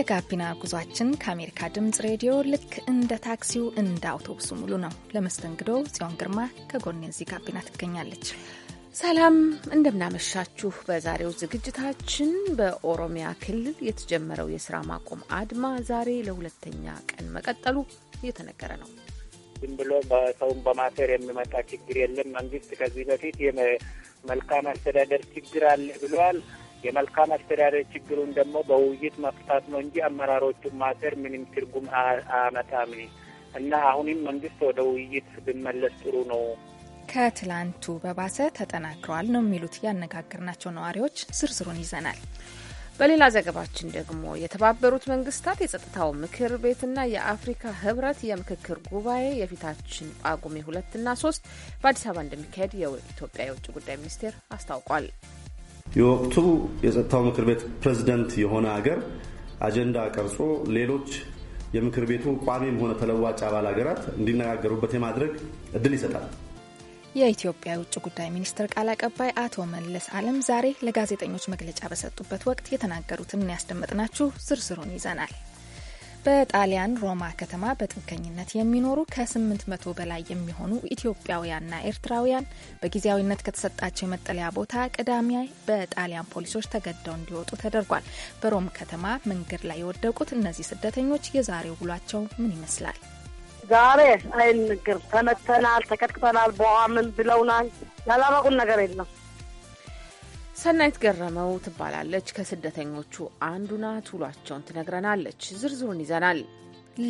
የጋቢና ጉዟችን ከአሜሪካ ድምፅ ሬዲዮ ልክ እንደ ታክሲው እንደ አውቶቡሱ ሙሉ ነው። ለመስተንግዶ ጽዮን ግርማ ከጎን የዚህ ጋቢና ትገኛለች። ሰላም እንደምናመሻችሁ። በዛሬው ዝግጅታችን በኦሮሚያ ክልል የተጀመረው የስራ ማቆም አድማ ዛሬ ለሁለተኛ ቀን መቀጠሉ እየተነገረ ነው። ዝም ብሎ ሰውን በማሰር የሚመጣ ችግር የለም። መንግስት ከዚህ በፊት የመልካም አስተዳደር ችግር አለ ብሏል። የመልካም አስተዳደር ችግሩን ደግሞ በውይይት መፍታት ነው እንጂ አመራሮቹን ማሰር ምንም ትርጉም አያመጣም እና አሁንም መንግስት ወደ ውይይት ብመለስ ጥሩ ነው። ከትላንቱ በባሰ ተጠናክረዋል ነው የሚሉት ያነጋገርናቸው ነዋሪዎች። ዝርዝሩን ይዘናል። በሌላ ዘገባችን ደግሞ የተባበሩት መንግስታት የጸጥታው ምክር ቤትና የአፍሪካ ህብረት የምክክር ጉባኤ የፊታችን ጳጉሜ ሁለትና ሶስት በአዲስ አበባ እንደሚካሄድ የኢትዮጵያ የውጭ ጉዳይ ሚኒስቴር አስታውቋል። የወቅቱ የጸጥታው ምክር ቤት ፕሬዝደንት የሆነ ሀገር አጀንዳ ቀርጾ ሌሎች የምክር ቤቱ ቋሚም ሆነ ተለዋጭ አባል ሀገራት እንዲነጋገሩበት የማድረግ እድል ይሰጣል። የኢትዮጵያ የውጭ ጉዳይ ሚኒስትር ቃል አቀባይ አቶ መለስ አለም ዛሬ ለጋዜጠኞች መግለጫ በሰጡበት ወቅት የተናገሩትን ያስደምጥናችሁ ዝርዝሩን ይዘናል። በጣሊያን ሮማ ከተማ በጥገኝነት የሚኖሩ ከ800 በላይ የሚሆኑ ኢትዮጵያውያንና ኤርትራውያን በጊዜያዊነት ከተሰጣቸው የመጠለያ ቦታ ቅዳሜ በጣሊያን ፖሊሶች ተገደው እንዲወጡ ተደርጓል። በሮም ከተማ መንገድ ላይ የወደቁት እነዚህ ስደተኞች የዛሬው ውሏቸው ምን ይመስላል? ዛሬ አይንግር ተመተናል፣ ተቀጥቅጠናል፣ በኋላ ምን ብለውናል። ያላረቁን ነገር የለም ሰናይት ገረመው ትባላለች። ከስደተኞቹ አንዱ ቱሏቸውን ትነግረናለች። ዝርዝሩን ይዘናል።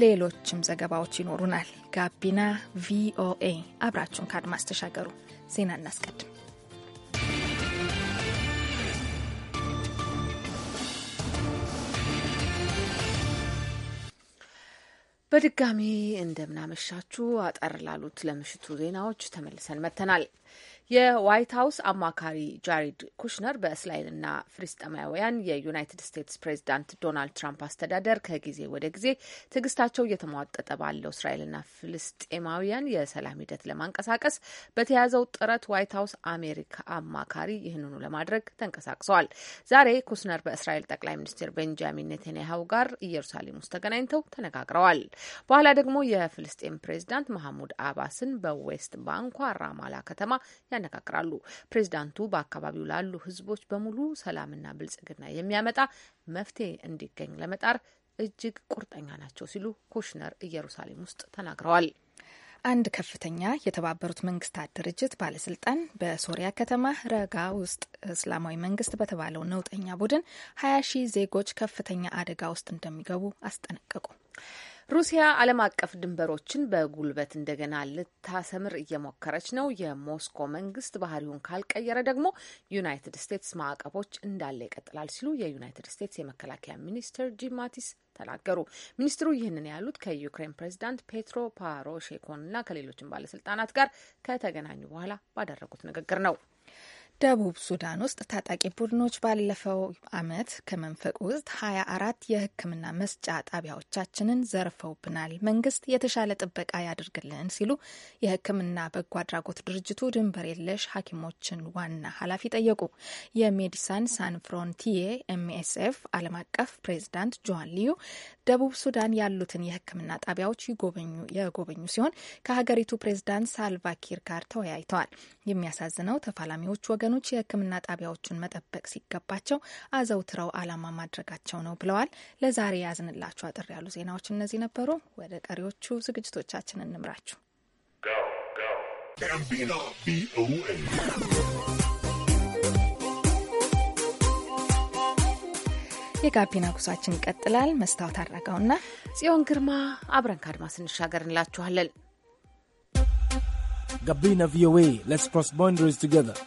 ሌሎችም ዘገባዎች ይኖሩናል። ጋቢና ቪኦኤ አብራችሁን ከአድማስ ተሻገሩ። ዜና እናስቀድም። በድጋሚ እንደምናመሻችሁ። አጠር ላሉት ለምሽቱ ዜናዎች ተመልሰን መጥተናል። የዋይት ሀውስ አማካሪ ጃሪድ ኩሽነር በእስራኤልና ፍልስጤማውያን የዩናይትድ ስቴትስ ፕሬዚዳንት ዶናልድ ትራምፕ አስተዳደር ከጊዜ ወደ ጊዜ ትዕግስታቸው እየተሟጠጠ ባለው እስራኤልና ፍልስጤማውያን የሰላም ሂደት ለማንቀሳቀስ በተያዘው ጥረት ዋይት ሀውስ አሜሪካ አማካሪ ይህንኑ ለማድረግ ተንቀሳቅሰዋል። ዛሬ ኩሽነር በእስራኤል ጠቅላይ ሚኒስትር ቤንጃሚን ኔታንያሁ ጋር ኢየሩሳሌም ውስጥ ተገናኝተው ተነጋግረዋል። በኋላ ደግሞ የፍልስጤም ፕሬዚዳንት መሐሙድ አባስን በዌስት ባንኳ ራማላ ከተማ ያነጋግራሉ። ፕሬዚዳንቱ በአካባቢው ላሉ ህዝቦች በሙሉ ሰላምና ብልጽግና የሚያመጣ መፍትሄ እንዲገኝ ለመጣር እጅግ ቁርጠኛ ናቸው ሲሉ ኩሽነር ኢየሩሳሌም ውስጥ ተናግረዋል። አንድ ከፍተኛ የተባበሩት መንግስታት ድርጅት ባለስልጣን በሶሪያ ከተማ ረጋ ውስጥ እስላማዊ መንግስት በተባለው ነውጠኛ ቡድን ሀያ ሺህ ዜጎች ከፍተኛ አደጋ ውስጥ እንደሚገቡ አስጠነቀቁ። ሩሲያ ዓለም አቀፍ ድንበሮችን በጉልበት እንደገና ልታሰምር እየሞከረች ነው። የሞስኮ መንግስት ባህሪውን ካልቀየረ ደግሞ ዩናይትድ ስቴትስ ማዕቀቦች እንዳለ ይቀጥላል ሲሉ የዩናይትድ ስቴትስ የመከላከያ ሚኒስትር ጂም ማቲስ ተናገሩ። ሚኒስትሩ ይህንን ያሉት ከዩክሬን ፕሬዚዳንት ፔትሮ ፓሮሼኮንና ከሌሎችም ባለስልጣናት ጋር ከተገናኙ በኋላ ባደረጉት ንግግር ነው። ደቡብ ሱዳን ውስጥ ታጣቂ ቡድኖች ባለፈው ዓመት ከመንፈቅ ውስጥ ሀያ አራት የሕክምና መስጫ ጣቢያዎቻችንን ዘርፈውብናል፣ መንግስት የተሻለ ጥበቃ ያድርግልን ሲሉ የሕክምና በጎ አድራጎት ድርጅቱ ድንበር የለሽ ሐኪሞችን ዋና ኃላፊ ጠየቁ። የሜዲሳን ሳን ፍሮንቲዬ ኤምኤስኤፍ ዓለም አቀፍ ፕሬዚዳንት ጆን ሊዩ ደቡብ ሱዳን ያሉትን የሕክምና ጣቢያዎች የጎበኙ ሲሆን ከሀገሪቱ ፕሬዝዳንት ሳልቫኪር ጋር ተወያይተዋል። የሚያሳዝነው ተፋላሚዎች ወገኖች የሕክምና ጣቢያዎቹን መጠበቅ ሲገባቸው አዘውትረው ዓላማ ማድረጋቸው ነው ብለዋል። ለዛሬ ያዝንላችሁ አጥር ያሉ ዜናዎች እነዚህ ነበሩ። ወደ ቀሪዎቹ ዝግጅቶቻችን እንምራችሁ። ጋቢና ቪኦኤ የጋቢና ጉዟችን ይቀጥላል። መስታወት አድረገውና ጽዮን ግርማ አብረን ካድማ ስንሻገር እንላችኋለን። ጋቢና ቪኦኤ ሌትስ ክሮስ ባውንደሪስ ቱጌዘር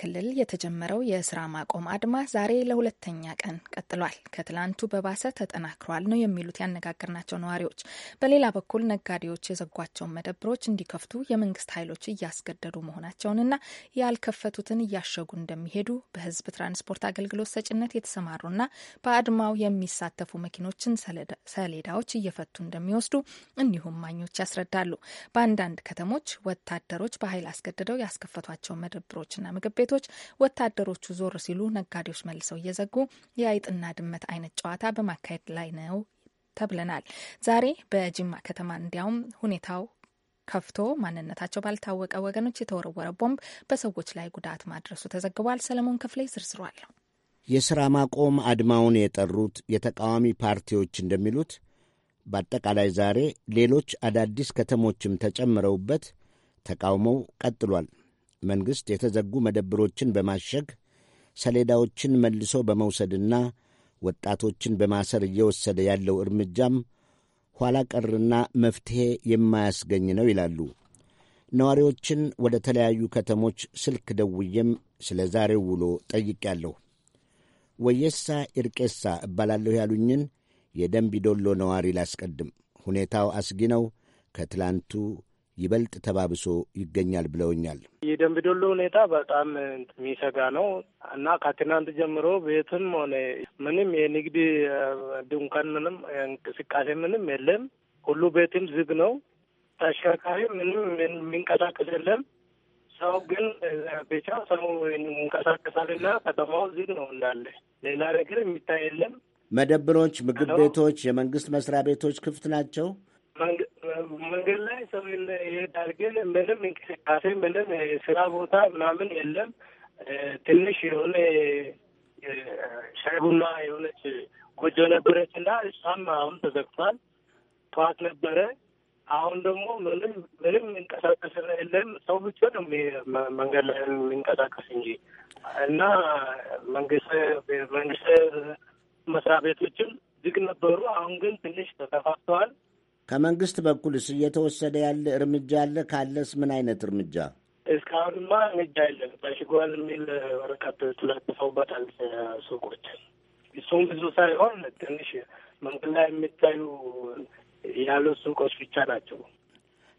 ክልል የተጀመረው የስራ ማቆም አድማ ዛሬ ለሁለተኛ ቀን ቀጥሏል። ከትላንቱ በባሰ ተጠናክሯል ነው የሚሉት ያነጋገርናቸው ነዋሪዎች። በሌላ በኩል ነጋዴዎች የዘጓቸውን መደብሮች እንዲከፍቱ የመንግስት ኃይሎች እያስገደዱ መሆናቸውንና ያልከፈቱትን እያሸጉ እንደሚሄዱ በህዝብ ትራንስፖርት አገልግሎት ሰጭነት የተሰማሩና በአድማው የሚሳተፉ መኪኖችን ሰሌዳዎች እየፈቱ እንደሚወስዱ እንዲሁም ማኞች ያስረዳሉ። በአንዳንድ ከተሞች ወታደሮች በኃይል አስገድደው ያስከፈቷቸው መደብሮችና ምግብ ቤቶች ወታደሮቹ ዞር ሲሉ ነጋዴዎች መልሰው እየዘጉ የአይጥና ድመት አይነት ጨዋታ በማካሄድ ላይ ነው ተብለናል። ዛሬ በጅማ ከተማ እንዲያውም ሁኔታው ከፍቶ ማንነታቸው ባልታወቀ ወገኖች የተወረወረ ቦምብ በሰዎች ላይ ጉዳት ማድረሱ ተዘግቧል። ሰለሞን ክፍሌ ዝርዝሯለሁ። የሥራ ማቆም አድማውን የጠሩት የተቃዋሚ ፓርቲዎች እንደሚሉት በአጠቃላይ ዛሬ ሌሎች አዳዲስ ከተሞችም ተጨምረውበት ተቃውሞው ቀጥሏል። መንግሥት የተዘጉ መደብሮችን በማሸግ ሰሌዳዎችን መልሶ በመውሰድና ወጣቶችን በማሰር እየወሰደ ያለው እርምጃም ኋላ ቀርና መፍትሔ የማያስገኝ ነው ይላሉ። ነዋሪዎችን ወደ ተለያዩ ከተሞች ስልክ ደውዬም ስለ ዛሬው ውሎ ጠይቄያለሁ። ወየሳ ኢርቄሳ እባላለሁ ያሉኝን የደንቢዶሎ ነዋሪ ላስቀድም። ሁኔታው አስጊ ነው። ከትላንቱ ይበልጥ ተባብሶ ይገኛል ብለውኛል። ዶሎ ሁኔታ በጣም የሚሰጋ ነው እና ከትናንት ጀምሮ ቤትም ሆነ ምንም የንግድ ድንኳን ምንም እንቅስቃሴ ምንም የለም። ሁሉ ቤትም ዝግ ነው። ተሽከርካሪ ምንም የሚንቀሳቀስ የለም። ሰው ግን ብቻ ሰው ይንቀሳቀሳልና ከተማው ዝግ ነው እንዳለ ሌላ ነገር የሚታይ የለም። መደብሮች፣ ምግብ ቤቶች፣ የመንግስት መስሪያ ቤቶች ክፍት ናቸው። መንገድ ላይ ሰው ይሄዳል፣ ግን ምንም እንቅስቃሴ ምንም ስራ ቦታ ምናምን የለም። ትንሽ የሆነ ሻይ ቡና የሆነች ጎጆ ነበረች እና እሷም አሁን ተዘግቷል። ጠዋት ነበረ። አሁን ደግሞ ምንም ምንም የሚንቀሳቀስ የለም። ሰው ብቻ ነው መንገድ ላይ የሚንቀሳቀስ እንጂ እና መንግስት መንግስት መስሪያ ቤቶችም ዝግ ነበሩ። አሁን ግን ትንሽ ተከፋፍተዋል። ከመንግስት በኩልስ እየተወሰደ ያለ እርምጃ አለ? ካለስ ምን አይነት እርምጃ? እስካሁንማ እርምጃ የለም። በሽጓል የሚል ወረቀት ተለጥፈውበታል ሱቆች። እሱም ብዙ ሳይሆን ትንሽ መንገድ ላይ የሚታዩ ያሉ ሱቆች ብቻ ናቸው።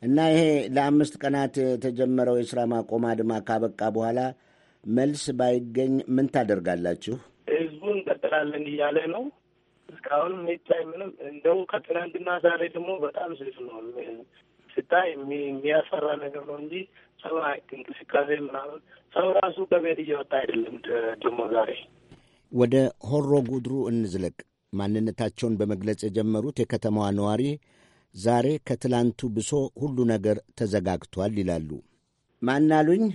እና ይሄ ለአምስት ቀናት የተጀመረው የስራ ማቆም አድማ ካበቃ በኋላ መልስ ባይገኝ ምን ታደርጋላችሁ? ህዝቡ እንቀጥላለን እያለ ነው። እስካሁን የሚታይ ምንም እንደው ከትናንትና ዛሬ ደግሞ በጣም ስልፍ ነው ስታይ የሚያሰራ ነገር ነው እንጂ ሰው እንቅስቃሴ ምናምን ሰው ራሱ ከቤት እየወጣ አይደለም። ደግሞ ዛሬ ወደ ሆሮ ጉድሩ እንዝለቅ። ማንነታቸውን በመግለጽ የጀመሩት የከተማዋ ነዋሪ ዛሬ ከትላንቱ ብሶ ሁሉ ነገር ተዘጋግቷል ይላሉ። ማናሉኝ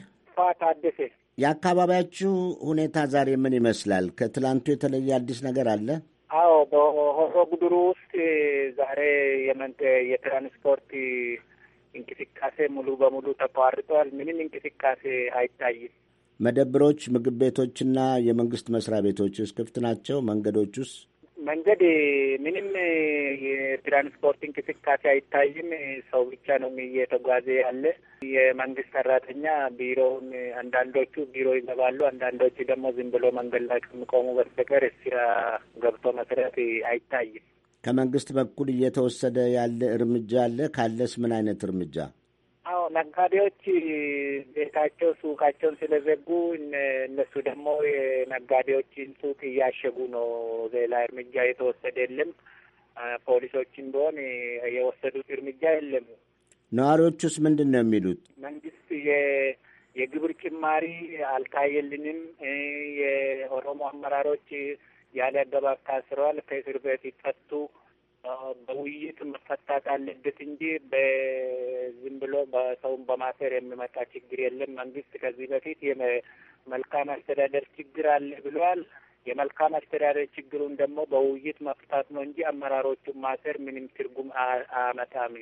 ታደሴ፣ የአካባቢያችሁ ሁኔታ ዛሬ ምን ይመስላል? ከትላንቱ የተለየ አዲስ ነገር አለ? አዎ በሆሮ ጉድሩ ውስጥ ዛሬ የትራንስፖርት እንቅስቃሴ ሙሉ በሙሉ ተቋርጧል። ምንም እንቅስቃሴ አይታይም። መደብሮች፣ ምግብ ቤቶችና የመንግስት መስሪያ ቤቶችስ ክፍት ናቸው? ውስጥ መንገድ ምንም የትራንስፖርት እንቅስቃሴ አይታይም። ሰው ብቻ ነው እየተጓዘ ያለ። የመንግስት ሰራተኛ ቢሮውን አንዳንዶቹ ቢሮ ይገባሉ፣ አንዳንዶቹ ደግሞ ዝም ብሎ መንገድ ላይ ከሚቆሙ በስተቀር ስራ ገብቶ መስራት አይታይም። ከመንግስት በኩል እየተወሰደ ያለ እርምጃ አለ? ካለስ ምን አይነት እርምጃ? አዎ ነጋዴዎች ቤታቸው ሱቃቸውን ስለዘጉ እነሱ ደግሞ የነጋዴዎችን ሱቅ እያሸጉ ነው። ሌላ እርምጃ የተወሰደ የለም። ፖሊሶችን ቢሆን የወሰዱት እርምጃ የለም። ነዋሪዎቹስ ምንድን ነው የሚሉት? መንግስት የግብር ጭማሪ አልታየልንም፣ የኦሮሞ አመራሮች ያለ ገባብ ታስረዋል፣ ከእስር ቤት ይፈቱ፣ በውይይት መፈታት አለበት እንጂ በሰውን በማሰር የሚመጣ ችግር የለም። መንግስት ከዚህ በፊት የመልካም አስተዳደር ችግር አለ ብለዋል። የመልካም አስተዳደር ችግሩን ደግሞ በውይይት መፍታት ነው እንጂ አመራሮቹን ማሰር ምንም ትርጉም አመጣም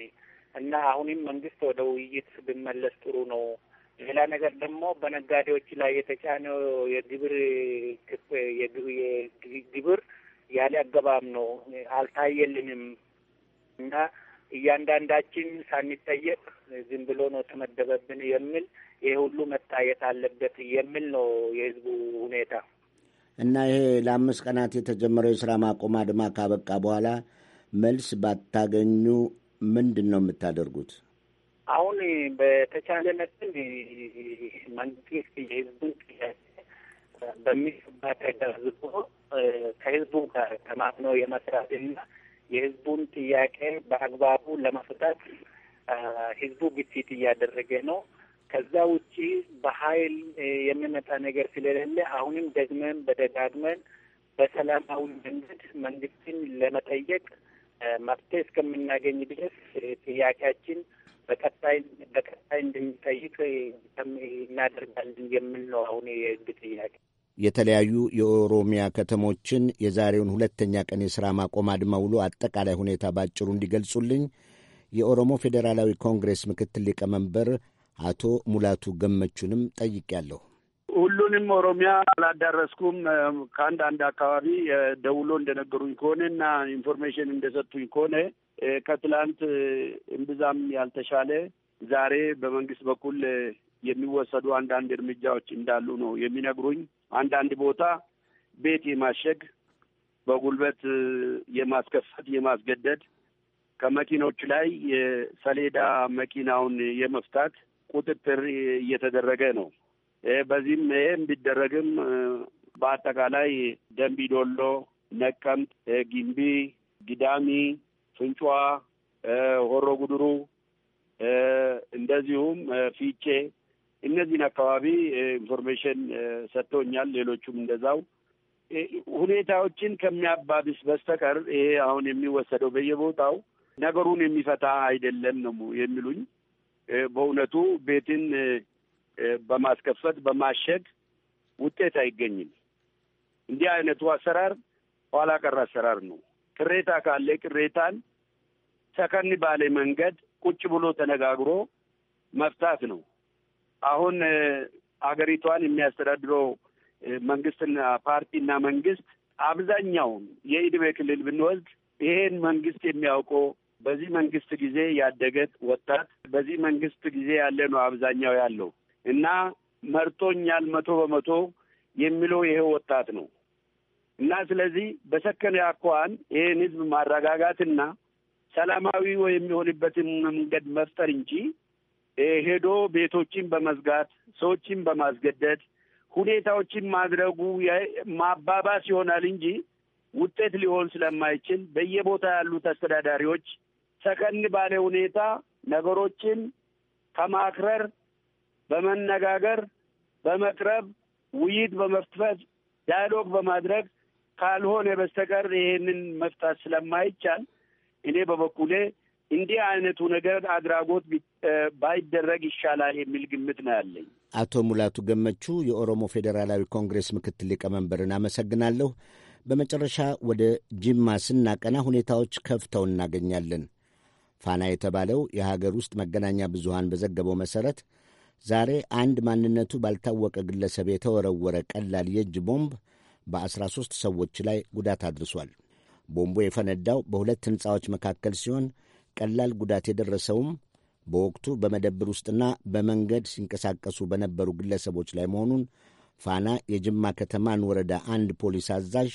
እና አሁንም መንግስት ወደ ውይይት ብመለስ ጥሩ ነው። ሌላ ነገር ደግሞ በነጋዴዎች ላይ የተጫነው የግብር ግብር ያለ አገባብ ነው፣ አልታየልንም እና እያንዳንዳችን ሳንጠየቅ ዝም ብሎ ነው ተመደበብን የሚል ይሄ ሁሉ መታየት አለበት የሚል ነው የህዝቡ ሁኔታ እና ይሄ ለአምስት ቀናት የተጀመረው የስራ ማቆም አድማ ካበቃ በኋላ መልስ ባታገኙ ምንድን ነው የምታደርጉት? አሁን በተቻለ መጠን መንግስት የህዝቡን ጥያቄ በሚገባ ተገንዝቦ ከህዝቡ ጋር ተማምኖ የመስራትና የህዝቡን ጥያቄ በአግባቡ ለመፍታት ህዝቡ ግፊት እያደረገ ነው። ከዛ ውጪ በሀይል የሚመጣ ነገር ስለሌለ አሁንም ደግመን በደጋግመን በሰላማዊ መንገድ መንግስትን ለመጠየቅ መፍትሄ እስከምናገኝ ድረስ ጥያቄያችን በቀጣይ በቀጣይ እንደሚጠይቅ እናደርጋለን የሚል ነው አሁን የህዝብ ጥያቄ። የተለያዩ የኦሮሚያ ከተሞችን የዛሬውን ሁለተኛ ቀን የሥራ ማቆም አድማ ውሎ አጠቃላይ ሁኔታ ባጭሩ እንዲገልጹልኝ የኦሮሞ ፌዴራላዊ ኮንግሬስ ምክትል ሊቀመንበር አቶ ሙላቱ ገመቹንም ጠይቄያለሁ። ሁሉንም ኦሮሚያ አላዳረስኩም። ከአንድ አንድ አካባቢ ደውሎ እንደነገሩኝ ከሆነ እና ኢንፎርሜሽን እንደሰጡኝ ከሆነ ከትላንት እምብዛም ያልተሻለ ዛሬ በመንግስት በኩል የሚወሰዱ አንዳንድ እርምጃዎች እንዳሉ ነው የሚነግሩኝ። አንዳንድ ቦታ ቤት የማሸግ በጉልበት የማስከፈት የማስገደድ ከመኪኖች ላይ ሰሌዳ መኪናውን የመፍታት ቁጥጥር እየተደረገ ነው። በዚህም ይህም ቢደረግም በአጠቃላይ ደንቢ ዶሎ፣ ነቀምት፣ ጊምቢ፣ ጊዳሚ፣ ፍንጫ፣ ሆሮ ጉድሩ እንደዚሁም ፊቼ እነዚህን አካባቢ ኢንፎርሜሽን ሰጥቶኛል። ሌሎቹም እንደዛው ሁኔታዎችን ከሚያባብስ በስተቀር ይሄ አሁን የሚወሰደው በየቦታው ነገሩን የሚፈታ አይደለም ነው የሚሉኝ። በእውነቱ ቤትን በማስከፈት በማሸግ ውጤት አይገኝም። እንዲህ አይነቱ አሰራር ኋላ ቀር አሰራር ነው። ቅሬታ ካለ ቅሬታን ሰከን ባለ መንገድ ቁጭ ብሎ ተነጋግሮ መፍታት ነው። አሁን አገሪቷን የሚያስተዳድረው መንግስትና ፓርቲና መንግስት አብዛኛውን የዕድሜ ክልል ብንወስድ ይሄን መንግስት የሚያውቀው በዚህ መንግስት ጊዜ ያደገ ወጣት በዚህ መንግስት ጊዜ ያለ ነው አብዛኛው ያለው እና መርጦኛል መቶ በመቶ የሚለው ይሄ ወጣት ነው እና ስለዚህ በሰከነ አኳኋን ይህን ህዝብ ማረጋጋትና ሰላማዊ የሚሆንበትን መንገድ መፍጠር እንጂ ሄዶ ቤቶችን በመዝጋት ሰዎችን በማስገደድ ሁኔታዎችን ማድረጉ ማባባስ ይሆናል እንጂ ውጤት ሊሆን ስለማይችል በየቦታ ያሉት አስተዳዳሪዎች ሰከን ባለ ሁኔታ ነገሮችን ከማክረር በመነጋገር በመቅረብ ውይይት በመፍትፈት ዳያሎግ በማድረግ ካልሆነ በስተቀር ይሄንን መፍታት ስለማይቻል እኔ በበኩሌ እንዲህ አይነቱ ነገር አድራጎት ባይደረግ ይሻላል የሚል ግምት ነው ያለኝ። አቶ ሙላቱ ገመቹ የኦሮሞ ፌዴራላዊ ኮንግሬስ ምክትል ሊቀመንበርን አመሰግናለሁ። በመጨረሻ ወደ ጅማ ስናቀና ሁኔታዎች ከፍተው እናገኛለን። ፋና የተባለው የሀገር ውስጥ መገናኛ ብዙሃን በዘገበው መሠረት ዛሬ አንድ ማንነቱ ባልታወቀ ግለሰብ የተወረወረ ቀላል የእጅ ቦምብ በ13 ሰዎች ላይ ጉዳት አድርሷል። ቦምቡ የፈነዳው በሁለት ሕንፃዎች መካከል ሲሆን ቀላል ጉዳት የደረሰውም በወቅቱ በመደብር ውስጥና በመንገድ ሲንቀሳቀሱ በነበሩ ግለሰቦች ላይ መሆኑን ፋና የጅማ ከተማን ወረዳ አንድ ፖሊስ አዛዥ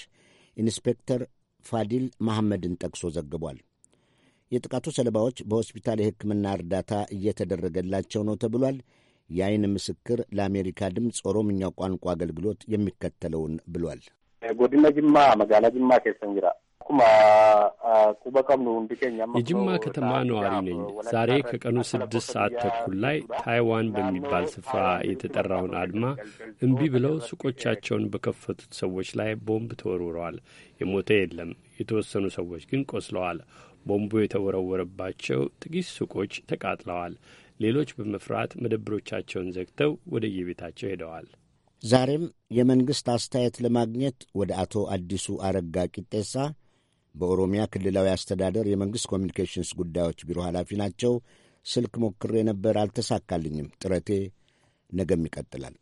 ኢንስፔክተር ፋዲል መሐመድን ጠቅሶ ዘግቧል። የጥቃቱ ሰለባዎች በሆስፒታል የሕክምና እርዳታ እየተደረገላቸው ነው ተብሏል። የአይን ምስክር ለአሜሪካ ድምፅ ኦሮምኛው ቋንቋ አገልግሎት የሚከተለውን ብሏል። ጎድነ ጅማ መጋላ ጅማ ኬሰን ጅራ የጅማ ከተማ ነዋሪ ነኝ። ዛሬ ከቀኑ ስድስት ሰዓት ተኩል ላይ ታይዋን በሚባል ስፍራ የተጠራውን አድማ እምቢ ብለው ሱቆቻቸውን በከፈቱት ሰዎች ላይ ቦምብ ተወርውረዋል። የሞተ የለም። የተወሰኑ ሰዎች ግን ቆስለዋል። ቦምቡ የተወረወረባቸው ጥቂት ሱቆች ተቃጥለዋል። ሌሎች በመፍራት መደብሮቻቸውን ዘግተው ወደ የቤታቸው ሄደዋል። ዛሬም የመንግሥት አስተያየት ለማግኘት ወደ አቶ አዲሱ አረጋ ቂጤሳ በኦሮሚያ ክልላዊ አስተዳደር የመንግሥት ኮሚኒኬሽንስ ጉዳዮች ቢሮ ኃላፊ ናቸው ስልክ ሞክሬ ነበር፣ አልተሳካልኝም። ጥረቴ ነገም ይቀጥላል።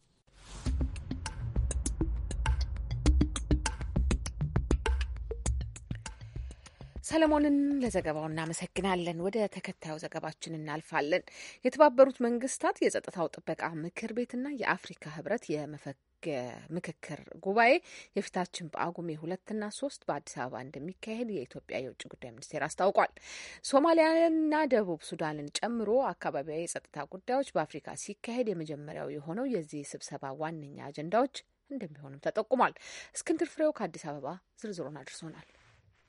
ሰለሞንን ለዘገባው እናመሰግናለን። ወደ ተከታዩ ዘገባችን እናልፋለን። የተባበሩት መንግስታት የጸጥታው ጥበቃ ምክር ቤትና የአፍሪካ ህብረት የምክክር ጉባኤ የፊታችን በጳጉሜ ሁለትና ሶስት በአዲስ አበባ እንደሚካሄድ የኢትዮጵያ የውጭ ጉዳይ ሚኒስቴር አስታውቋል። ሶማሊያንና ደቡብ ሱዳንን ጨምሮ አካባቢያዊ የጸጥታ ጉዳዮች በአፍሪካ ሲካሄድ የመጀመሪያው የሆነው የዚህ ስብሰባ ዋነኛ አጀንዳዎች እንደሚሆኑም ተጠቁሟል። እስክንድር ፍሬው ከአዲስ አበባ ዝርዝሩን አድርሶናል።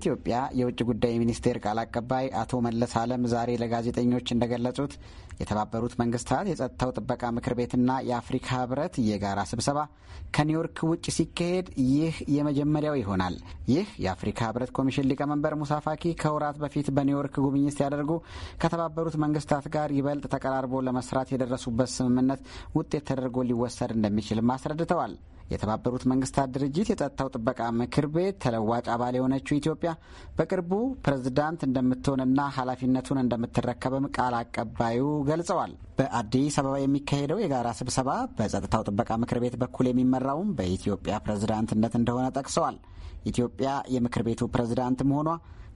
የኢትዮጵያ የውጭ ጉዳይ ሚኒስቴር ቃል አቀባይ አቶ መለስ አለም ዛሬ ለጋዜጠኞች እንደገለጹት የተባበሩት መንግስታት የጸጥታው ጥበቃ ምክር ቤትና የአፍሪካ ህብረት የጋራ ስብሰባ ከኒውዮርክ ውጭ ሲካሄድ ይህ የመጀመሪያው ይሆናል። ይህ የአፍሪካ ህብረት ኮሚሽን ሊቀመንበር ሙሳ ፋኪ ከወራት በፊት በኒውዮርክ ጉብኝት ሲያደርጉ ከተባበሩት መንግስታት ጋር ይበልጥ ተቀራርቦ ለመስራት የደረሱበት ስምምነት ውጤት ተደርጎ ሊወሰድ እንደሚችልም አስረድተዋል። የተባበሩት መንግስታት ድርጅት የጸጥታው ጥበቃ ምክር ቤት ተለዋጭ አባል የሆነችው ኢትዮጵያ በቅርቡ ፕሬዝዳንት እንደምትሆንና ኃላፊነቱን እንደምትረከብም ቃል አቀባዩ ገልጸዋል። በአዲስ አበባ የሚካሄደው የጋራ ስብሰባ በጸጥታው ጥበቃ ምክር ቤት በኩል የሚመራውም በኢትዮጵያ ፕሬዝዳንትነት እንደሆነ ጠቅሰዋል። ኢትዮጵያ የምክር ቤቱ ፕሬዝዳንት መሆኗ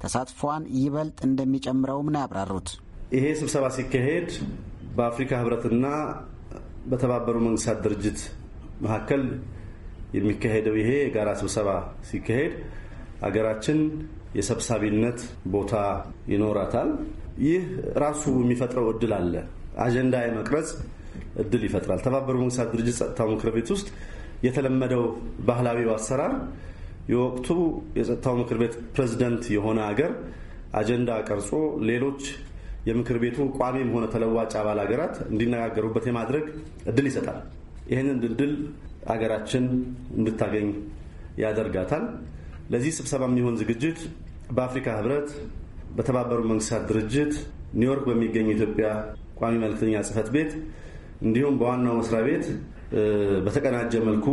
ተሳትፏን ይበልጥ እንደሚጨምረውም ነው ያብራሩት። ይሄ ስብሰባ ሲካሄድ በአፍሪካ ህብረትና በተባበሩ መንግስታት ድርጅት መካከል የሚካሄደው ይሄ የጋራ ስብሰባ ሲካሄድ አገራችን የሰብሳቢነት ቦታ ይኖራታል። ይህ ራሱ የሚፈጥረው እድል አለ። አጀንዳ የመቅረጽ እድል ይፈጥራል። ተባበሩ መንግስታት ድርጅት ጸጥታው ምክር ቤት ውስጥ የተለመደው ባህላዊው አሰራር የወቅቱ የጸጥታው ምክር ቤት ፕሬዚደንት የሆነ አገር አጀንዳ ቀርጾ ሌሎች የምክር ቤቱ ቋሚም ሆነ ተለዋጭ አባል ሀገራት እንዲነጋገሩበት የማድረግ እድል ይሰጣል። ይህንን እድል አገራችን እንድታገኝ ያደርጋታል። ለዚህ ስብሰባ የሚሆን ዝግጅት በአፍሪካ ህብረት፣ በተባበሩ መንግስታት ድርጅት ኒውዮርክ በሚገኝ ኢትዮጵያ ቋሚ መልክተኛ ጽህፈት ቤት እንዲሁም በዋናው መስሪያ ቤት በተቀናጀ መልኩ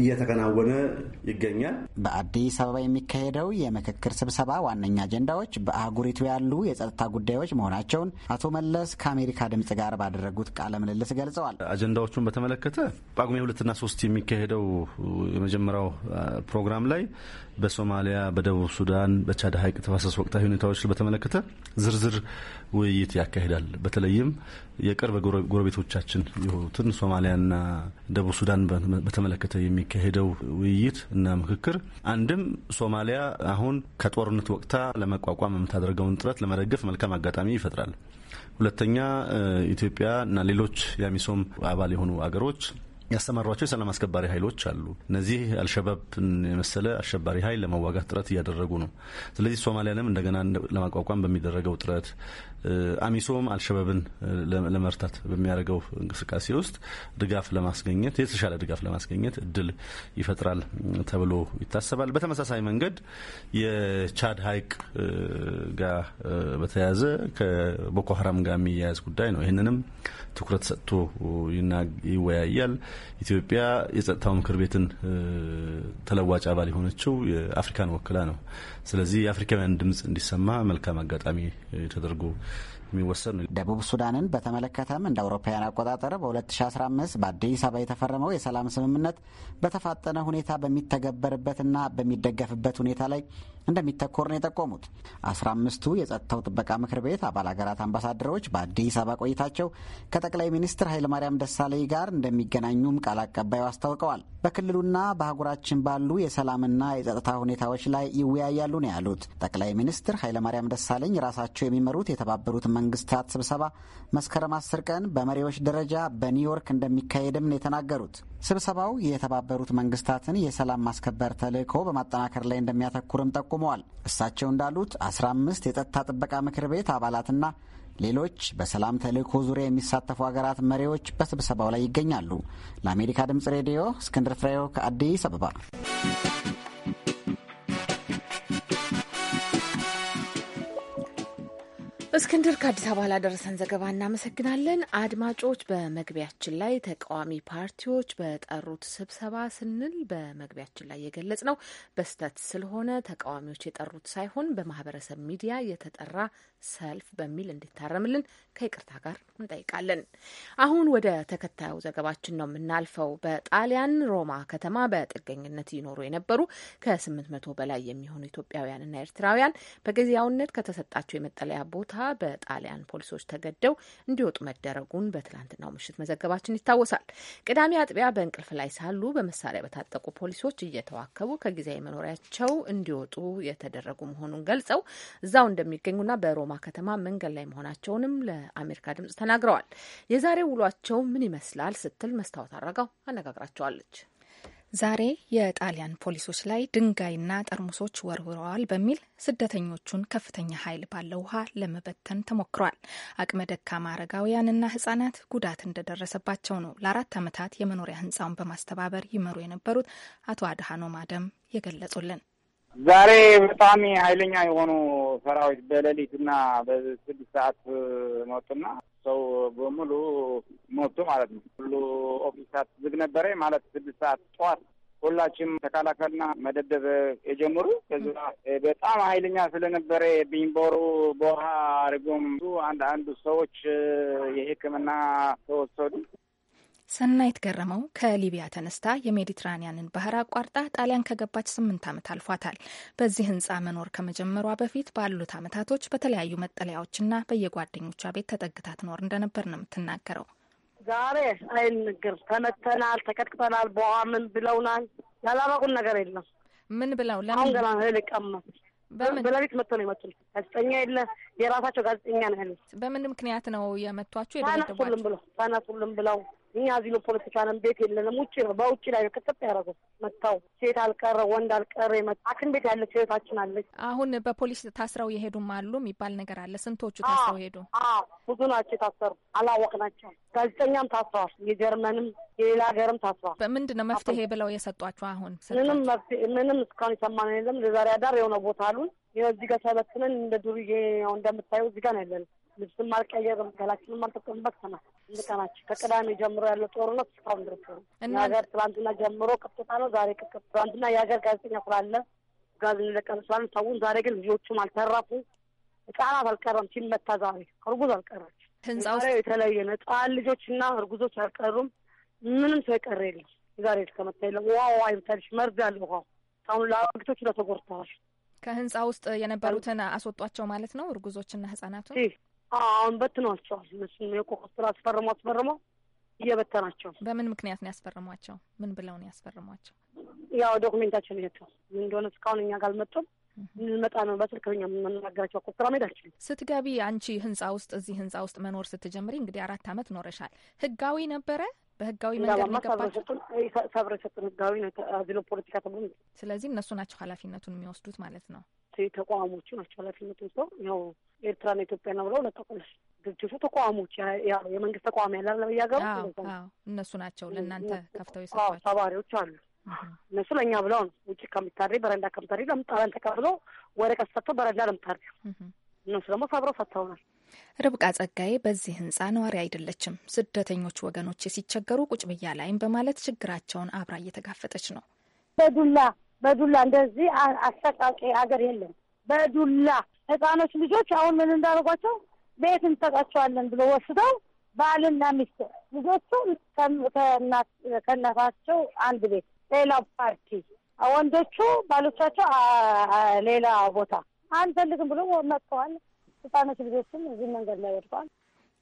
እየተከናወነ ይገኛል። በአዲስ አበባ የሚካሄደው የምክክር ስብሰባ ዋነኛ አጀንዳዎች በአህጉሪቱ ያሉ የጸጥታ ጉዳዮች መሆናቸውን አቶ መለስ ከአሜሪካ ድምጽ ጋር ባደረጉት ቃለ ምልልስ ገልጸዋል። አጀንዳዎቹን በተመለከተ ጳጉሜ ሁለትና ሶስት የሚካሄደው የመጀመሪያው ፕሮግራም ላይ በሶማሊያ፣ በደቡብ ሱዳን፣ በቻድ ሀይቅ ተፋሰስ ወቅታዊ ሁኔታዎች በተመለከተ ዝርዝር ውይይት ያካሂዳል። በተለይም የቅርብ ጎረቤቶቻችን የሆኑትን ሶማሊያና ደቡብ ሱዳን በተመለከተ የሚካሄደው ውይይት እና ምክክር አንድም ሶማሊያ አሁን ከጦርነት ወቅታ ለመቋቋም የምታደርገውን ጥረት ለመደገፍ መልካም አጋጣሚ ይፈጥራል። ሁለተኛ ኢትዮጵያ እና ሌሎች የሚሶም አባል የሆኑ አገሮች ያሰማሯቸው የሰላም አስከባሪ ኃይሎች አሉ። እነዚህ አልሸባብ የመሰለ አሸባሪ ኃይል ለመዋጋት ጥረት እያደረጉ ነው። ስለዚህ ሶማሊያንም እንደገና ለማቋቋም በሚደረገው ጥረት አሚሶም አልሸባብን ለመርታት በሚያደርገው እንቅስቃሴ ውስጥ ድጋፍ ለማስገኘት የተሻለ ድጋፍ ለማስገኘት እድል ይፈጥራል ተብሎ ይታሰባል። በተመሳሳይ መንገድ የቻድ ሀይቅ ጋር በተያያዘ ከቦኮ ሀራም ጋር የሚያያዝ ጉዳይ ነው። ይህንንም ትኩረት ሰጥቶ ይወያያል። ኢትዮጵያ የጸጥታው ምክር ቤትን ተለዋጭ አባል የሆነችው አፍሪካን ወክላ ነው። ስለዚህ የአፍሪካውያን ድምፅ እንዲሰማ መልካም አጋጣሚ ተደርጎ የሚወሰድ ነው። ደቡብ ሱዳንን በተመለከተም እንደ አውሮፓውያን አቆጣጠር በ2015 በአዲስ አበባ የተፈረመው የሰላም ስምምነት በተፋጠነ ሁኔታ በሚተገበርበትና በሚደገፍበት ሁኔታ ላይ እንደሚተኮር ነው የጠቆሙት። አስራ አምስቱ የጸጥታው ጥበቃ ምክር ቤት አባል ሀገራት አምባሳደሮች በአዲስ አበባ ቆይታቸው ከጠቅላይ ሚኒስትር ኃይለማርያም ደሳለኝ ጋር እንደሚገናኙም ቃል አቀባዩ አስታውቀዋል። በክልሉና በአህጉራችን ባሉ የሰላምና የጸጥታ ሁኔታዎች ላይ ይወያያሉ ነው ያሉት። ጠቅላይ ሚኒስትር ኃይለማርያም ደሳለኝ ራሳቸው የሚመሩት የተባበሩት መንግስታት ስብሰባ መስከረም አስር ቀን በመሪዎች ደረጃ በኒውዮርክ እንደሚካሄድም ነው የተናገሩት። ስብሰባው የተባበሩት መንግስታትን የሰላም ማስከበር ተልዕኮ በማጠናከር ላይ እንደሚያተኩርም ጠቁመዋል። እሳቸው እንዳሉት 15 የጸጥታ ጥበቃ ምክር ቤት አባላትና ሌሎች በሰላም ተልዕኮ ዙሪያ የሚሳተፉ ሀገራት መሪዎች በስብሰባው ላይ ይገኛሉ። ለአሜሪካ ድምጽ ሬዲዮ እስክንድር ፍሬው ከአዲስ አበባ እስክንድር ከአዲስ አበባ ላደረሰን ዘገባ እናመሰግናለን። አድማጮች፣ በመግቢያችን ላይ ተቃዋሚ ፓርቲዎች በጠሩት ስብሰባ ስንል በመግቢያችን ላይ የገለጽ ነው በስተት ስለሆነ ተቃዋሚዎች የጠሩት ሳይሆን በማህበረሰብ ሚዲያ የተጠራ ሰልፍ በሚል እንዲታረምልን ከይቅርታ ጋር እንጠይቃለን። አሁን ወደ ተከታዩ ዘገባችን ነው የምናልፈው። በጣሊያን ሮማ ከተማ በጥገኝነት ይኖሩ የነበሩ ከ800 በላይ የሚሆኑ ኢትዮጵያውያንና ኤርትራውያን በጊዜያዊነት ከተሰጣቸው የመጠለያ ቦታ በጣሊያን ፖሊሶች ተገደው እንዲወጡ መደረጉን በትላንትናው ምሽት መዘገባችን ይታወሳል። ቅዳሜ አጥቢያ በእንቅልፍ ላይ ሳሉ በመሳሪያ በታጠቁ ፖሊሶች እየተዋከቡ ከጊዜያዊ መኖሪያቸው እንዲወጡ የተደረጉ መሆኑን ገልጸው እዛው እንደሚገኙና በሮማ ከተማ መንገድ ላይ መሆናቸውንም ለአሜሪካ ድምጽ ተናግረዋል። የዛሬ ውሏቸው ምን ይመስላል ስትል መስታወት አረጋው አነጋግራቸዋለች። ዛሬ የጣሊያን ፖሊሶች ላይ ድንጋይና ጠርሙሶች ወርውረዋል በሚል ስደተኞቹን ከፍተኛ ኃይል ባለው ውሃ ለመበተን ተሞክሯል። አቅመ ደካማ አረጋውያንና ህጻናት ጉዳት እንደደረሰባቸው ነው ለአራት ዓመታት የመኖሪያ ህንፃውን በማስተባበር ይመሩ የነበሩት አቶ አድሃኖም አደም የገለጹልን። ዛሬ በጣም ኃይለኛ የሆኑ ሰራዊት በሌሊትና በስድስት ሰዓት መጡና ሰው በሙሉ ሞቱ ማለት ነው። ሁሉ ኦፊሳት ዝግ ነበረ ማለት ስድስት ሰዓት ጠዋት ሁላችም ተከላከልና መደብደብ የጀመሩ ከዛ በጣም ኃይለኛ ስለነበረ ቢንቦሩ በውሃ አድርጎም አንድ አንዱ ሰዎች የሕክምና ተወሰዱ። ሰናይት ገረመው ከሊቢያ ተነስታ የሜዲትራኒያንን ባህር አቋርጣ ጣሊያን ከገባች ስምንት ዓመት አልፏታል። በዚህ ህንፃ መኖር ከመጀመሯ በፊት ባሉት ዓመታቶች በተለያዩ መጠለያዎችና በየጓደኞቿ ቤት ተጠግታ ትኖር እንደነበር ነው የምትናገረው። ዛሬ አይንግር ተመተናል፣ ተቀጥቅተናል፣ በውሃ ምን ብለውናል። ያላበቁን ነገር የለም። ምን ብለው ለምን ገና እህል ቀመት በሌሊት መጥቶ ነው የመጡት። ጋዜጠኛ የለ የራሳቸው ጋዜጠኛ ነው ያሉት። በምን ምክንያት ነው የመቷችሁ? ተነሱልን ብለው ተነሱልን ብለው እኛ እዚህ ነው ፖለቲካ ነን፣ ቤት የለንም። ውጭ ነው በውጭ ላይ ነው ክትት ያደረጉት መጥተው ሴት አልቀረ ወንድ አልቀረ መ አክን ቤት ያለች ሴታችን አለች። አሁን በፖሊስ ታስረው የሄዱም አሉ የሚባል ነገር አለ። ስንቶቹ ታስረው ሄዱ? ብዙ ናቸው የታሰሩ አላወቅናቸው። ጋዜጠኛም ታስረዋል። የጀርመንም የሌላ ሀገርም ታስረዋል። በምንድን ነው መፍትሄ ብለው የሰጧቸው? አሁን ምንም መፍትሄ ምንም እስካሁን የሰማነው የለም። ለዛሬ አዳር የሆነ ቦታ አሉን ይኸው እዚህ ጋር ተበትነን እንደ ዱርዬ ያው እንደምታየው እዚህ ጋር ነው ያለነው። ልብስም አልቀየርም፣ ገላችንም አልጠቀምበት ተና ልቀናች ከቅዳሜ ጀምሮ ያለው ጦርነት እስካሁን ድረስ ነው። የሀገር ትላንትና ጀምሮ ቅጥታ ነው፣ ዛሬ ቅጥታ። ትላንትና የሀገር ጋዜጠኛ ስላለ ጋዝ እንለቀም ስላለ ሰውን፣ ዛሬ ግን ልጆቹም አልተረፉ፣ ህጻናት አልቀረም ሲመታ፣ ዛሬ እርጉዝ አልቀረች። ህንጻው የተለየ ነው። ህጻን ልጆችና እርጉዞች አልቀሩም። ምንም ሰው የቀረ የለም። ዛሬ ከመታ የለም። ውሃ ውሃ ይምታልሽ፣ መርዝ ያለ ውሃ አሁን ለአሮጊቶች ለተጎርተዋል ከህንፃ ውስጥ የነበሩትን አስወጧቸው ማለት ነው። እርጉዞችና ህጻናቱ አሁን በትኗቸዋል። እነሱም የቆቆስራ አስፈርሞ አስፈርሞ እየበተናቸው። በምን ምክንያት ነው ያስፈርሟቸው? ምን ብለው ነው ያስፈርሟቸው? ያው ዶኩሜንታቸውን ይዘው ምን እንደሆነ እስካሁን እኛ ጋር አልመጡም። ልንመጣ ነው። በስልክኛ ነው የምንናገራቸው። እኮ ስራ መሄድ አልችልም። ስትገቢ አንቺ ህንጻ ውስጥ እዚህ ህንጻ ውስጥ መኖር ስትጀምሪ እንግዲህ አራት አመት ኖረሻል። ህጋዊ ነበረ በህጋዊ መንገድ ሰብረ ሰጡን ህጋዊ ነው አዝሎ ፖለቲካ ተብሎ ስለዚህ እነሱ ናቸው ኃላፊነቱን የሚወስዱት ማለት ነው። ተቋሞቹ ናቸው ኃላፊነቱን ሰው ያው ኤርትራና ኢትዮጵያ ነው ብለው ለጠቆለሽ ድርጅቱ ተቋሞች ያው የመንግስት ተቋም ያላለ እያገሩ እነሱ ናቸው ለእናንተ ከፍተው የሰጧቸው ተባሪዎች አሉ። እነሱ ለእኛ ብለው ነው ውጭ ከምታሪ በረንዳ ከምታሪ ለምጣለን ተቀብሎ ወረቀት ሰጥቶ በረንዳ ለምታሪ እነሱ ደግሞ ሰብረው ሰጥተውናል። ርብቃ ጸጋዬ በዚህ ህንጻ ነዋሪ አይደለችም። ስደተኞች ወገኖች ሲቸገሩ ቁጭ ብያ ላይም በማለት ችግራቸውን አብራ እየተጋፈጠች ነው። በዱላ በዱላ እንደዚህ አሰቃቂ ሀገር የለም። በዱላ ህጻኖች ልጆች አሁን ምን እንዳደረጓቸው ቤት እንሰጣቸዋለን ብሎ ወስደው ባልና ሚስት ልጆቹ ከእናታቸው አንድ ቤት፣ ሌላው ፓርቲ ወንዶቹ ባሎቻቸው ሌላ ቦታ አንፈልግም ብሎ መጥተዋል። ህጻኖች ልጆችም እዚህ መንገድ ላይ ወድቋል።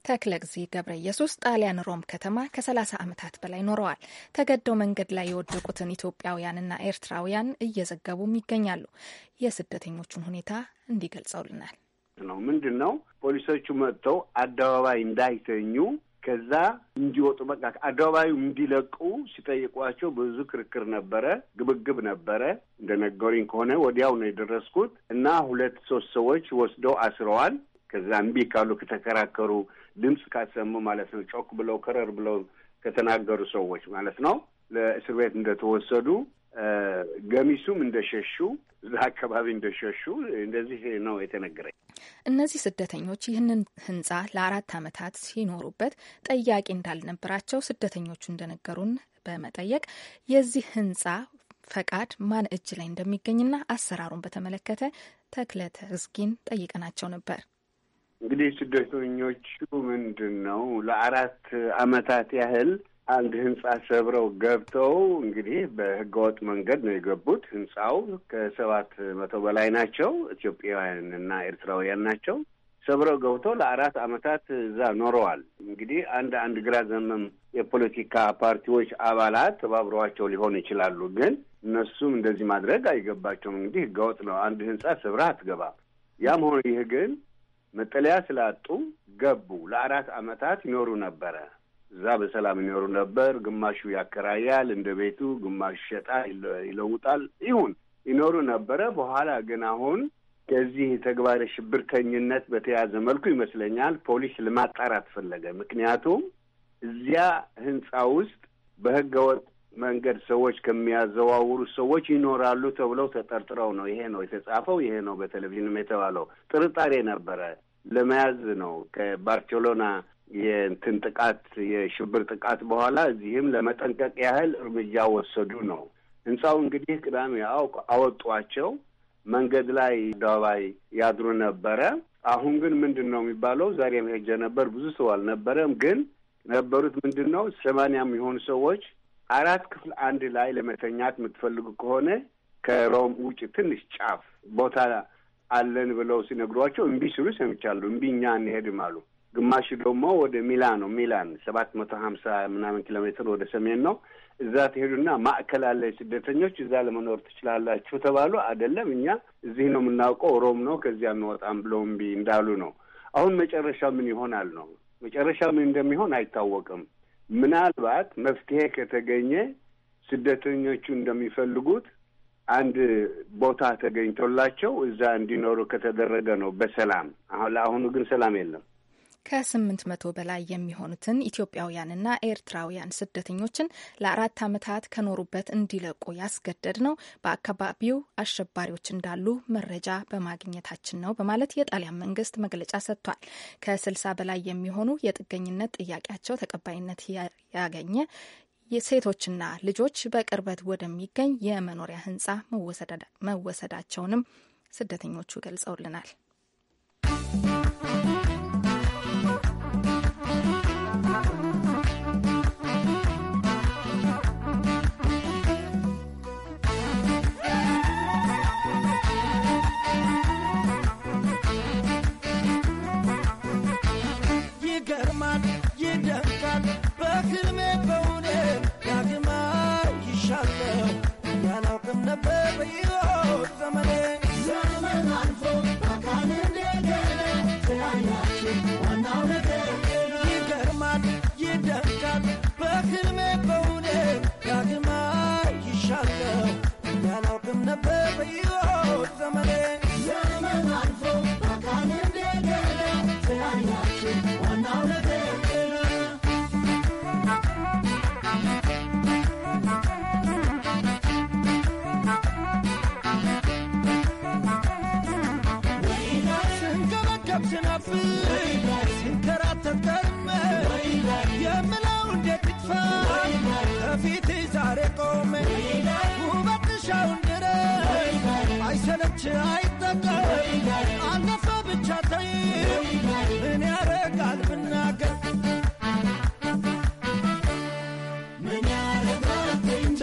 ተክለግዚ ገብረ ኢየሱስ ጣሊያን ሮም ከተማ ከ30 ዓመታት በላይ ኖረዋል። ተገደው መንገድ ላይ የወደቁትን ኢትዮጵያውያንና ኤርትራውያን እየዘገቡም ይገኛሉ። የስደተኞቹን ሁኔታ እንዲገልጸውልናል ነው ምንድን ነው ፖሊሶቹ መጥተው አደባባይ እንዳይተኙ ከዛ እንዲወጡ በቃ አደባባዩ እንዲለቁ ሲጠይቋቸው ብዙ ክርክር ነበረ፣ ግብግብ ነበረ። እንደነገሩኝ ከሆነ ወዲያው ነው የደረስኩት እና ሁለት ሶስት ሰዎች ወስደው አስረዋል። ከዛ እምቢ ካሉ ከተከራከሩ፣ ድምፅ ካሰሙ ማለት ነው፣ ጮክ ብለው ከረር ብለው ከተናገሩ ሰዎች ማለት ነው ለእስር ቤት እንደተወሰዱ ገሚሱም እንደሸሹ እዛ አካባቢ እንደሸሹ እንደዚህ ነው የተነገረኝ። እነዚህ ስደተኞች ይህንን ህንጻ ለአራት ዓመታት ሲኖሩበት ጠያቂ እንዳልነበራቸው ስደተኞቹ እንደነገሩን በመጠየቅ የዚህ ህንጻ ፈቃድ ማን እጅ ላይ እንደሚገኝና አሰራሩን በተመለከተ ተክለ ተዝጊን ጠይቀናቸው ነበር። እንግዲህ ስደተኞቹ ምንድን ነው ለአራት ዓመታት ያህል አንድ ህንጻ ሰብረው ገብተው እንግዲህ በህገወጥ መንገድ ነው የገቡት። ህንጻው ከሰባት መቶ በላይ ናቸው። ኢትዮጵያውያን እና ኤርትራውያን ናቸው። ሰብረው ገብተው ለአራት አመታት እዛ ኖረዋል። እንግዲህ አንድ አንድ ግራ ዘመም የፖለቲካ ፓርቲዎች አባላት ተባብረዋቸው ሊሆን ይችላሉ። ግን እነሱም እንደዚህ ማድረግ አይገባቸውም። እንግዲህ ህገወጥ ነው። አንድ ህንጻ ስብራ አትገባም። ያም ሆነ ይህ ግን መጠለያ ስላጡ ገቡ። ለአራት አመታት ይኖሩ ነበረ። እዛ በሰላም ይኖሩ ነበር። ግማሹ ያከራያል እንደ ቤቱ፣ ግማሹ ሸጣ ይለውጣል። ይሁን ይኖሩ ነበረ። በኋላ ግን አሁን ከዚህ ተግባር ሽብርተኝነት በተያዘ መልኩ ይመስለኛል ፖሊስ ለማጣራት ፈለገ። ምክንያቱም እዚያ ህንፃ ውስጥ በህገወጥ መንገድ ሰዎች ከሚያዘዋውሩ ሰዎች ይኖራሉ ተብለው ተጠርጥረው ነው። ይሄ ነው የተጻፈው፣ ይሄ ነው በቴሌቪዥንም የተባለው። ጥርጣሬ ነበረ። ለመያዝ ነው ከባርቸሎና የእንትን ጥቃት የሽብር ጥቃት በኋላ እዚህም ለመጠንቀቅ ያህል እርምጃ ወሰዱ ነው። ህንፃው እንግዲህ ቅዳሜ አውቅ አወጧቸው። መንገድ ላይ አደባባይ ያድሩ ነበረ። አሁን ግን ምንድን ነው የሚባለው? ዛሬም ሄጄ ነበር። ብዙ ሰው አልነበረም፣ ግን ነበሩት ምንድን ነው ሰማንያ የሚሆኑ ሰዎች አራት ክፍል አንድ ላይ ለመተኛት የምትፈልጉ ከሆነ ከሮም ውጭ ትንሽ ጫፍ ቦታ አለን ብለው ሲነግሯቸው እምቢ ሲሉ ሰምቻለሁ። እምቢ እኛ አንሄድም አሉ። ግማሽ ደግሞ ወደ ሚላኖ ነው። ሚላን ሰባት መቶ ሀምሳ ምናምን ኪሎ ሜትር ወደ ሰሜን ነው። እዛ ትሄዱና ማዕከል አለ ስደተኞች፣ እዛ ለመኖር ትችላላችሁ ተባሉ። አይደለም እኛ እዚህ ነው የምናውቀው፣ ሮም ነው ከዚያ አንወጣም ብለው እምቢ እንዳሉ ነው። አሁን መጨረሻ ምን ይሆናል ነው። መጨረሻ ምን እንደሚሆን አይታወቅም። ምናልባት መፍትሄ ከተገኘ ስደተኞቹ እንደሚፈልጉት አንድ ቦታ ተገኝቶላቸው እዛ እንዲኖሩ ከተደረገ ነው በሰላም። ለአሁኑ ግን ሰላም የለም። ከስምንት መቶ በላይ የሚሆኑትን ኢትዮጵያውያንና ኤርትራውያን ስደተኞችን ለአራት ዓመታት ከኖሩበት እንዲለቁ ያስገደድ ነው በአካባቢው አሸባሪዎች እንዳሉ መረጃ በማግኘታችን ነው በማለት የጣሊያን መንግስት መግለጫ ሰጥቷል። ከ60 በላይ የሚሆኑ የጥገኝነት ጥያቄያቸው ተቀባይነት ያገኘ ሴቶችና ልጆች በቅርበት ወደሚገኝ የመኖሪያ ህንፃ መወሰዳቸውንም ስደተኞቹ ገልጸውልናል። አይጠቀም አለፈ ብቻ ተይ ምን ያረጋል ብናገር ምን ያረጋል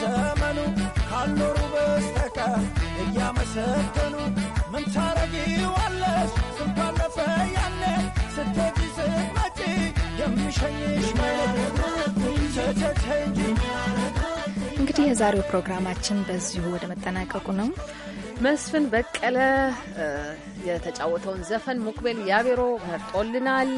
ዘመኑ ካልኖሩ በስተቀር እያመሰገኑ ምን ታረጊዋለሽ? ስንኳለፈ ያለ ስትሄጂ ስትመጪ የሚሸኝሽ መቸቸ እንግዲህ የዛሬው ፕሮግራማችን በዚሁ ወደ መጠናቀቁ ነው። መስፍን በቀለ የተጫወተውን ዘፈን ሙክቤል ያቤሮ መርጦልናል።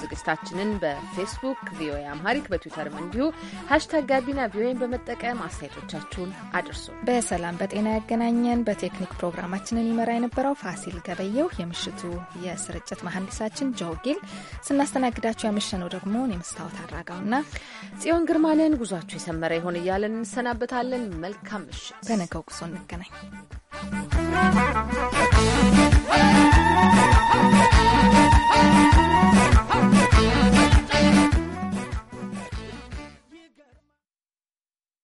ዝግጅታችንን በፌስቡክ ቪኦኤ አምሃሪክ በትዊተርም እንዲሁ ሀሽታግ ጋቢና ቪኦኤን በመጠቀም አስተያየቶቻችሁን አድርሱ። በሰላም በጤና ያገናኘን። በቴክኒክ ፕሮግራማችንን ይመራ የነበረው ፋሲል ገበየው፣ የምሽቱ የስርጭት መሐንዲሳችን ጆጊል፣ ስናስተናግዳችሁ ያመሸነው ደግሞ የመስታወት አድራጋውና ጽዮን ግርማንን። ጉዟችሁ የሰመረ ይሆን እያለን እንሰናበታለን። መልካም ምሽት። በነገው ጉዞ እንገናኝ። Thank you.